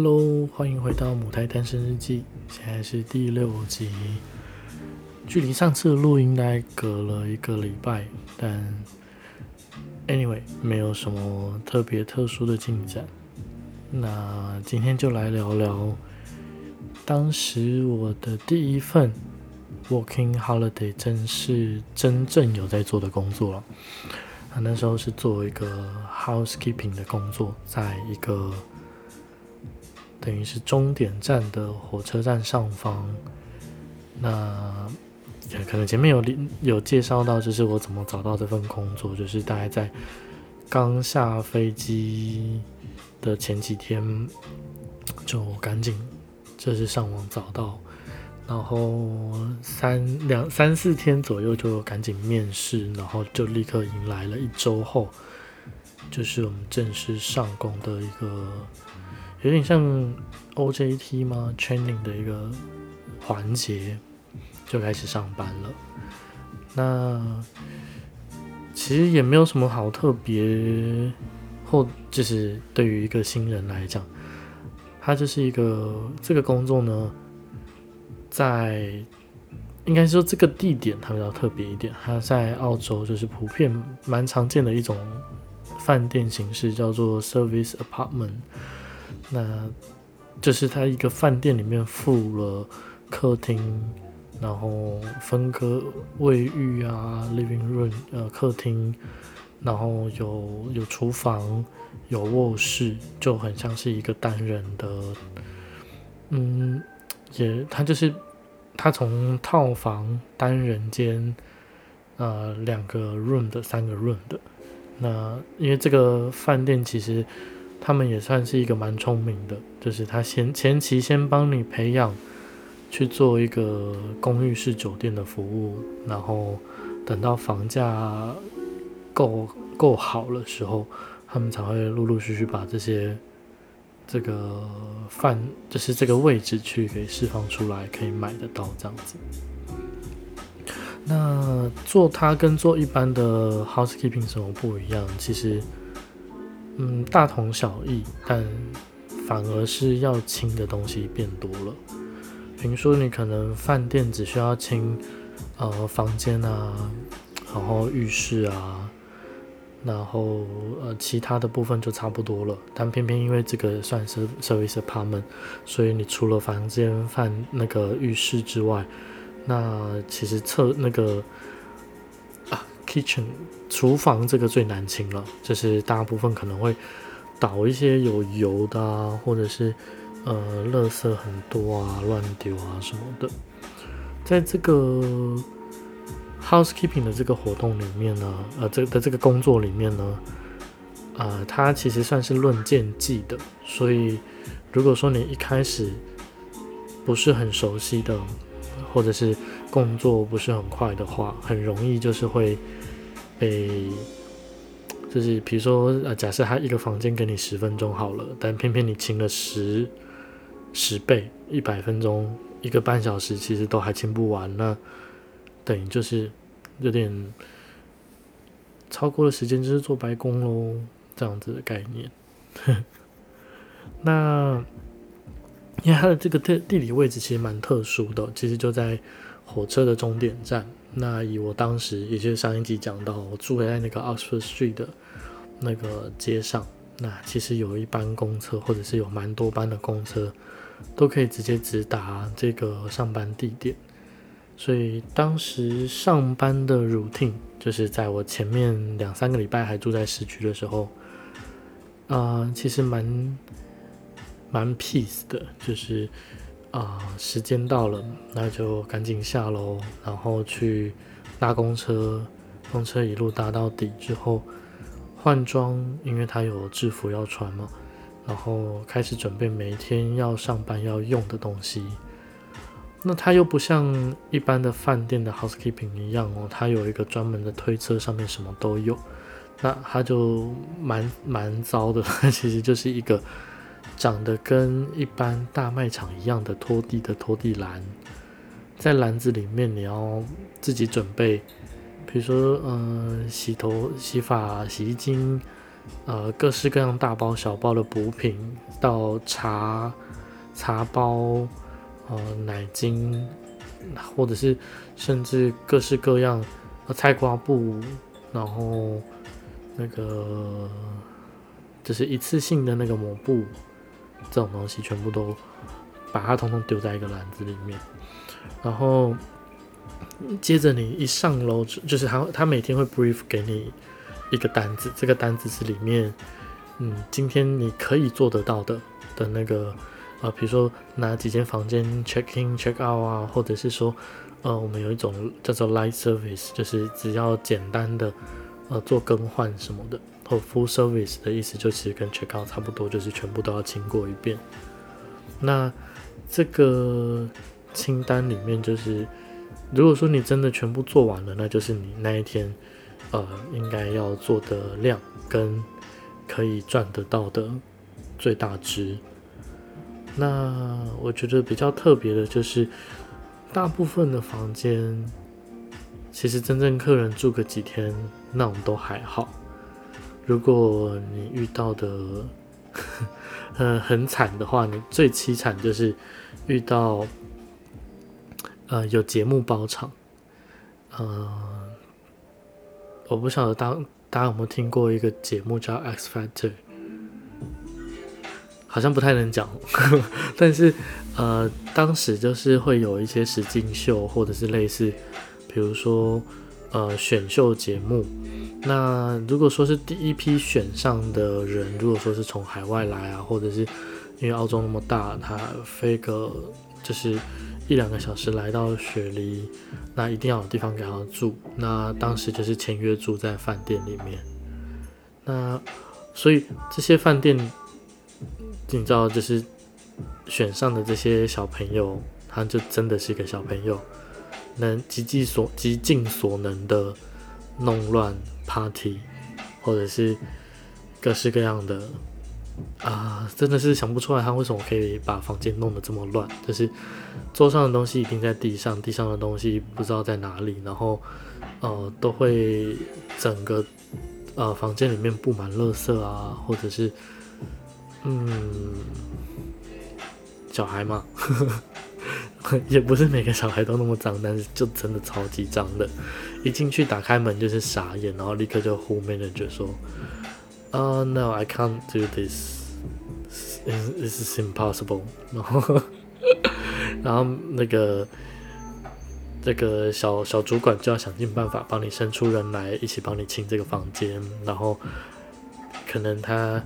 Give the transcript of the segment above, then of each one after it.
Hello，歡迎回到《母胎單身日記》，現在是第六集。距離上次錄應該隔了一個禮拜，但 Anyway，沒有什麼特別特殊的進展。那今天就來聊聊當時我的第一份 Working Holiday，真是真正有在做的工作了。那那時候是做一個 Housekeeping 的工作，在一個。等於是終點站的火車站上方，那可能前面有有介紹到，就是我怎麼找到這份工作，就是大概在剛下飛機的前幾天就趕緊，就是上網找到，然後三兩三四天左右就趕緊面試，然後就立刻迎來了一週後，就是我們正式上工的一個。有點像 OJT 嗎？Training 的一個環節就開始上班了。那其實也沒有什麼好特別，或就是對於一個新人來講，它就是一個這個工作呢，在應該說這個地點它比較特別一點，它在澳洲就是普遍蠻常見的一種飯店形式，叫做 Service Apartment。那，就是他一個飯店裡面附了客廳，然後分割衛浴啊，living room，呃，客廳，然後有有廚房，有臥室，就很像是一個單人的，嗯，也他就是他從套房單人間，呃，兩個 room 的，三個 room 的，那因為這個飯店其實。他們也算是一個蠻聰明的，就是他前期先幫你培養去做一個公寓式酒店的服務，然後等到房價夠夠好了時候，他們才會陸陸續續把這些這個飯，就是這個位置去給釋放出來，可以買得到這樣子。那做他跟做一般的 housekeeping 什麼不一樣？其實。嗯，大同小異，但反而是要清的東西變多了。比如說，你可能飯店只需要清，呃，房間啊，然後浴室啊，然後呃，其他的部分就差不多了。但偏偏因為這個算是 service apartment，所以你除了房間、飯那個浴室之外，那其實側那個啊，kitchen。廚房這個最難清了，就是大部分可能會倒一些有油的啊，或者是呃，垃圾很多啊，亂丟啊什麼的。在這個 Housekeeping 的這個活動裡面呢，呃，這個、的這個工作裡面呢，啊、呃，它其實算是論件計的，所以如果說你一開始不是很熟悉的，或者是工作不是很快的話，很容易就是會。被、欸，就是比如說，啊、假設他一個房間給你十分鐘好了，但偏偏你清了十十倍，一百分鐘，一個半小時，其實都還清不完。那等於就是有點超過的時間，就是做白工嘍，這樣子的概念。 那因為它的這個地地理位置其實蠻特殊的，其實就在火車的終點站。那以我當時，也就是上一集講到，我住回在那個 Oxford Street 的那個街上，那其實有一班公車，或者是有蠻多班的公車，都可以直接直達這個上班地點。所以當時上班的 routine，就是在我前面兩三個禮拜還住在市區的時候，啊、呃，其實蠻蠻 peace 的，就是。啊、呃，時間到了，那就趕緊下樓，然後去搭公車，公車一路搭到底之後換裝，因為他有制服要穿嘛，然後開始準備每天要上班要用的東西。那他又不像一般的飯店的 housekeeping 一樣哦，他有一個專門的推車，上面什麼都有，那他就蠻蠻糟的，其實就是一個。長得跟一般大賣場一樣的拖地的拖地籃，在籃子裡面你要自己準備，比如說，嗯、呃，洗頭、洗髮、洗衣精，呃，各式各樣大包小包的補品，到茶、茶包、呃，奶精，或者是甚至各式各樣呃菜瓜布，然後那個就是一次性的那個抹布。這種東西全部都把它統統丟在一個籃子裡面，然後接着你一上樓，就是他他每天會 brief 給你一個單子，這個單子是裡面，嗯，今天你可以做得到的的那個，呃，比如說拿幾間房間 check in check out 啊，或者是說，呃，我們有一種叫做 light service，就是只要簡單的呃做更換什麼的。哦，full service 的意思就其實跟 check out 差不多，就是全部都要清過一遍。那這個清單裡面，就是如果說你真的全部做完了，那就是你那一天呃應該要做的量跟可以賺得到的最大值。那我覺得比較特別的就是，大部分的房間其實真正客人住個幾天，那種都還好。如果你遇到的、 呃，很慘的話，你最淒慘就是遇到，呃，有節目包場，嗯、呃，我不曉得大家大家有沒有聽過一個節目叫《X Factor》，好像不太能講、喔， 但是，呃，當時就是會有一些實境秀或者是類似，比如說。呃，選秀節目。那如果說是第一批選上的人，如果說是從海外來啊，或者是因為澳洲那麼大，他飛個就是一兩個小時來到雪梨，那一定要有地方給他住。那當時就是簽約住在飯店裡面。那所以這些飯店，你知道，就是選上的這些小朋友，他就真的是一個小朋友。能極盡所極盡所能的弄亂 party，或者是各式各樣的啊，真的是想不出來他為什麼可以把房間弄得這麼亂，就是桌上的東西一定在地上，地上的東西不知道在哪裡，然後呃都會整個呃房間裡面布滿垃圾啊，或者是嗯，小孩嘛。 也不是每個小孩都那麼髒，但是就真的超級髒的，一進去打開門就是傻眼，然後立刻就負面的就說，呃、uh,，No，I can't do this，this is impossible。然後， 然後那個這個小小主管就要想盡辦法幫你伸出人來一起幫你清這個房間，然後可能他。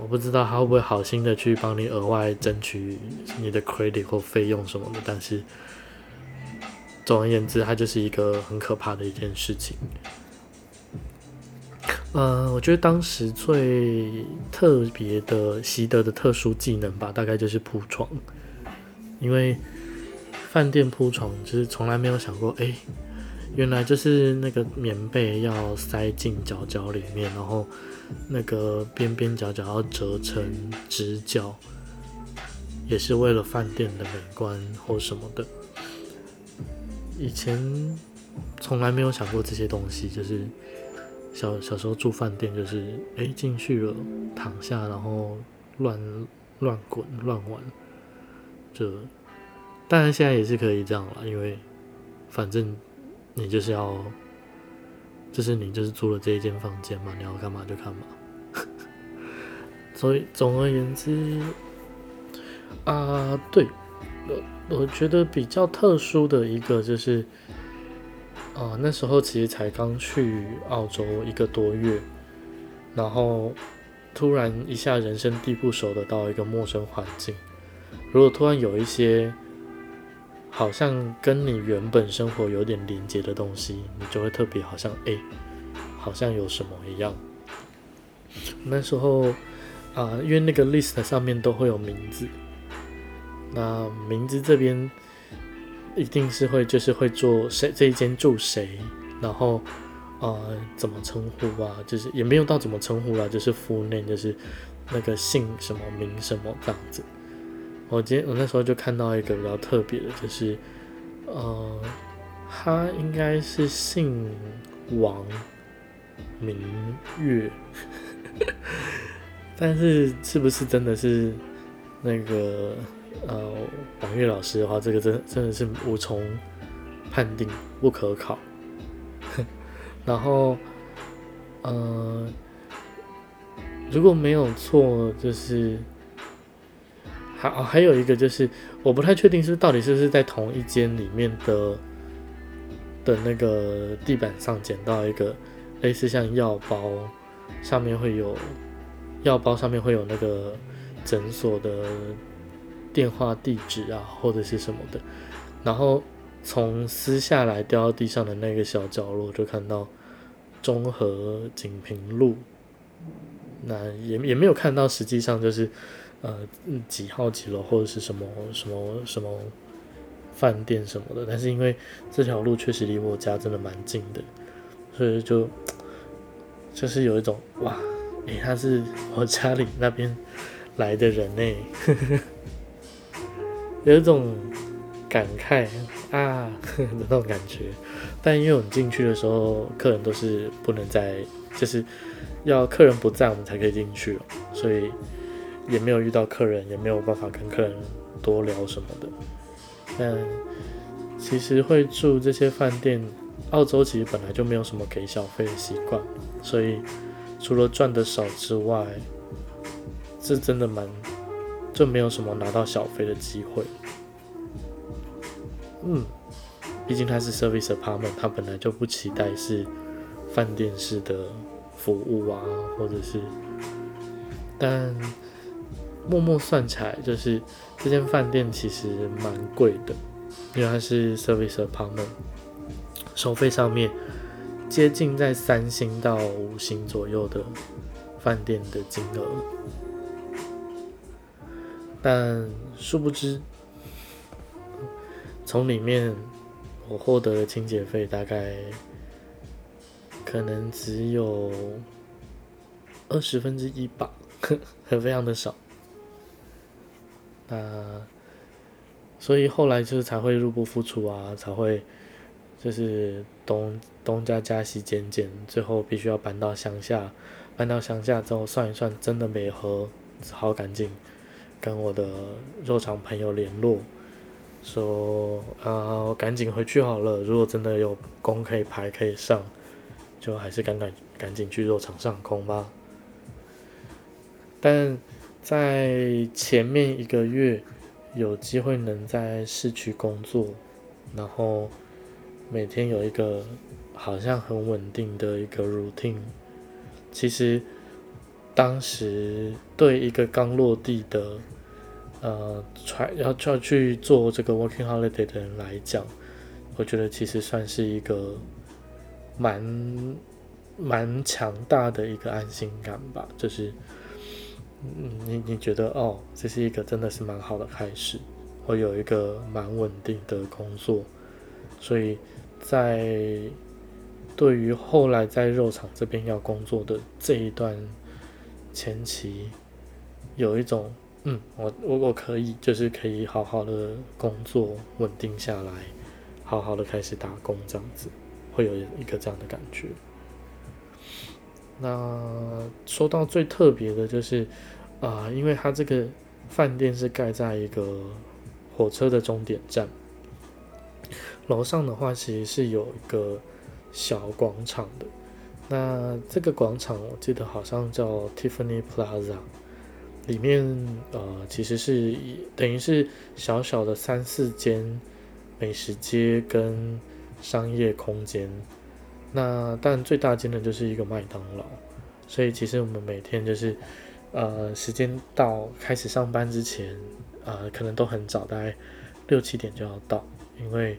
我不知道他會不會好心的去幫你額外爭取你的 credit 或費用什麼的，但是，總而言之，它就是一個很可怕的一件事情。呃，我覺得當時最特別的習得的特殊技能吧，大概就是鋪床，因為飯店鋪床就是從來沒有想過哎。欸原來就是那個棉被要塞進角角裡面，然後那個邊邊角角要折成直角，也是為了飯店的美觀或什麼的。以前從來沒有想過這些東西，就是小小時候住飯店就是誒進去了躺下，然後亂亂滾亂玩，就當然現在也是可以這樣了，因為反正。你就是要，就是你就是租了這一間房間嘛，你要幹嘛就幹嘛。 所以總而言之，啊，對，我我覺得比較特殊的一個就是，啊，那時候其實才剛去澳洲一個多月，然後突然一下人生地不熟的到一個陌生環境，如果突然有一些，好像跟你原本生活有點連接的東西，你就會特別好像哎、欸，好像有什麼一樣。那時候啊、呃，因為那個 list 上面都會有名字，那名字這邊一定是會就是會做誰這一間住誰，然後啊、呃、怎麼稱呼吧、啊，就是也沒有到怎麼稱呼了、啊，就是 full name，就是那個姓什麼名什麼這樣子。我今天我那時候就看到一個比較特別的，就是，呃，他應該是姓王名月， 但是是不是真的是那個呃王月老師的話，這個真真的是無從判定，不可考。 然後，嗯、呃，如果沒有錯，就是。還哦，還有一個就是，我不太確定是到底是不是在同一間裡面的，的那個地板上撿到一個類似像藥包，上面會有藥包上面會有那個診所的電話地址啊，或者是什麼的。然後從撕下來掉到地上的那個小角落，就看到中和景平路，那也也沒有看到，實際上就是。呃，幾號幾樓或者是什麼什麼什麼飯店什麼的，但是因為這條路確實離我家真的蠻近的，所以就就是有一種哇，誒、欸，他是我家裡那邊來的人嘞， 有一種感慨啊的那種感覺。但因為我們進去的時候，客人都是不能在，就是要客人不在，我們才可以進去喔，所以。也沒有遇到客人，也沒有辦法跟客人多聊什麼的。但其實會住這些飯店，澳洲其實本來就沒有什麼給小費的習慣，所以除了賺的少之外，這真的蠻，就沒有什麼拿到小費的機會。嗯，畢竟他是 service apartment，他本來就不期待是飯店式的服務啊，或者是，但。默默算起來，就是這間飯店其實蠻貴的，因為它是 service apartment，收費上面接近在三星到五星左右的飯店的金額，但殊不知，從裡面我獲得的清潔費大概可能只有二十分之一吧，很非常的少。那，所以後來就是才會入不敷出啊，才會就是東東加加西減減，最後必須要搬到鄉下。搬到鄉下之後算一算，真的沒合，好趕緊跟我的肉廠朋友聯絡，說啊，趕緊回去好了。如果真的有工可以排可以上，就還是趕緊趕緊去肉廠上工吧。但在前面一個月有機會能在市區工作，然後每天有一個好像很穩定的一個 routine，其實當時對一個剛落地的呃，要要去做這個 working holiday 的人來講，我覺得其實算是一個蠻蠻強大的一個安心感吧，就是。嗯，你你覺得哦，這是一個真的是蠻好的開始，我有一個蠻穩定的工作，所以在對於後來在肉場這邊要工作的這一段前期，有一種嗯，我如果可以，就是可以好好的工作穩定下來，好好的開始打工這樣子，會有一個這樣的感覺。那說到最特別的，就是，啊、呃，因為它這個飯店是蓋在一個火車的終點站，樓上的話其實是有一個小廣場的。那這個廣場我記得好像叫 Tiffany Plaza，裡面呃其實是等於是小小的三四間美食街跟商業空間。那但最大間的就是一個麥當勞，所以其實我們每天就是，呃，時間到開始上班之前，啊、呃，可能都很早，大概六七點就要到，因為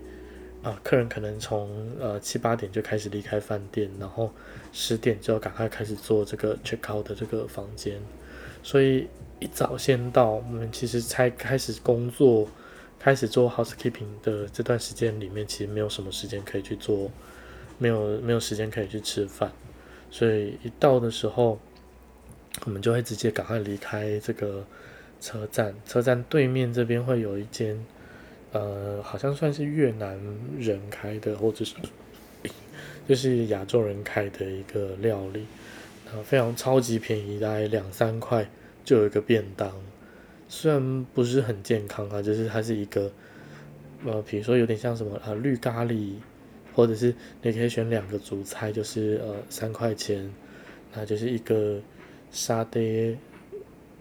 啊、呃，客人可能從呃七八點就開始離開飯店，然後十點就要趕快開始做這個 check out 的這個房間，所以一早先到，我們其實才開始工作，開始做 housekeeping 的這段時間裡面，其實沒有什麼時間可以去做。沒有沒有時間可以去吃飯，所以一到的時候，我們就會直接趕快離開這個車站。車站對面這邊會有一間，呃，好像算是越南人開的，或者是就是亞洲人開的一個料理，然後非常超級便宜，大概兩三塊就有一個便當。雖然不是很健康啊，就是它是一個，呃，比如說有點像什麼啊，呃，綠咖喱。或者是你可以選兩個主菜，就是呃三塊錢，那就是一個沙爹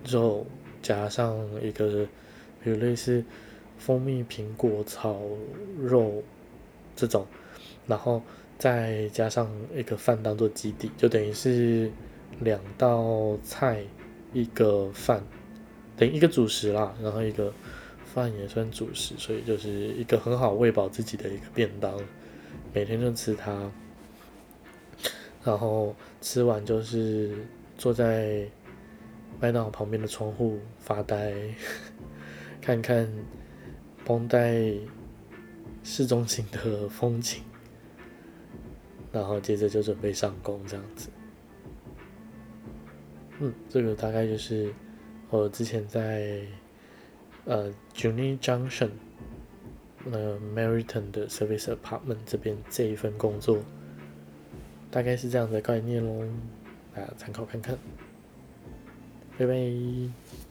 肉加上一個，比如類似蜂蜜蘋果炒肉這種，然後再加上一個飯當做基底，就等於是兩道菜一個飯，等於一個主食啦，然後一個飯也算主食，所以就是一個很好餵飽自己的一個便當。每天就吃它，然後吃完就是坐在麥當勞旁邊的窗戶發呆，看看邦代市中心的風景，然後接着就準備上工這樣子。嗯，這個大概就是我之前在呃 Junior Junction。那 Meriton 的 Service Apartment 這邊這一份工作，大概是這樣的概念嘍，大家參考看看，拜拜。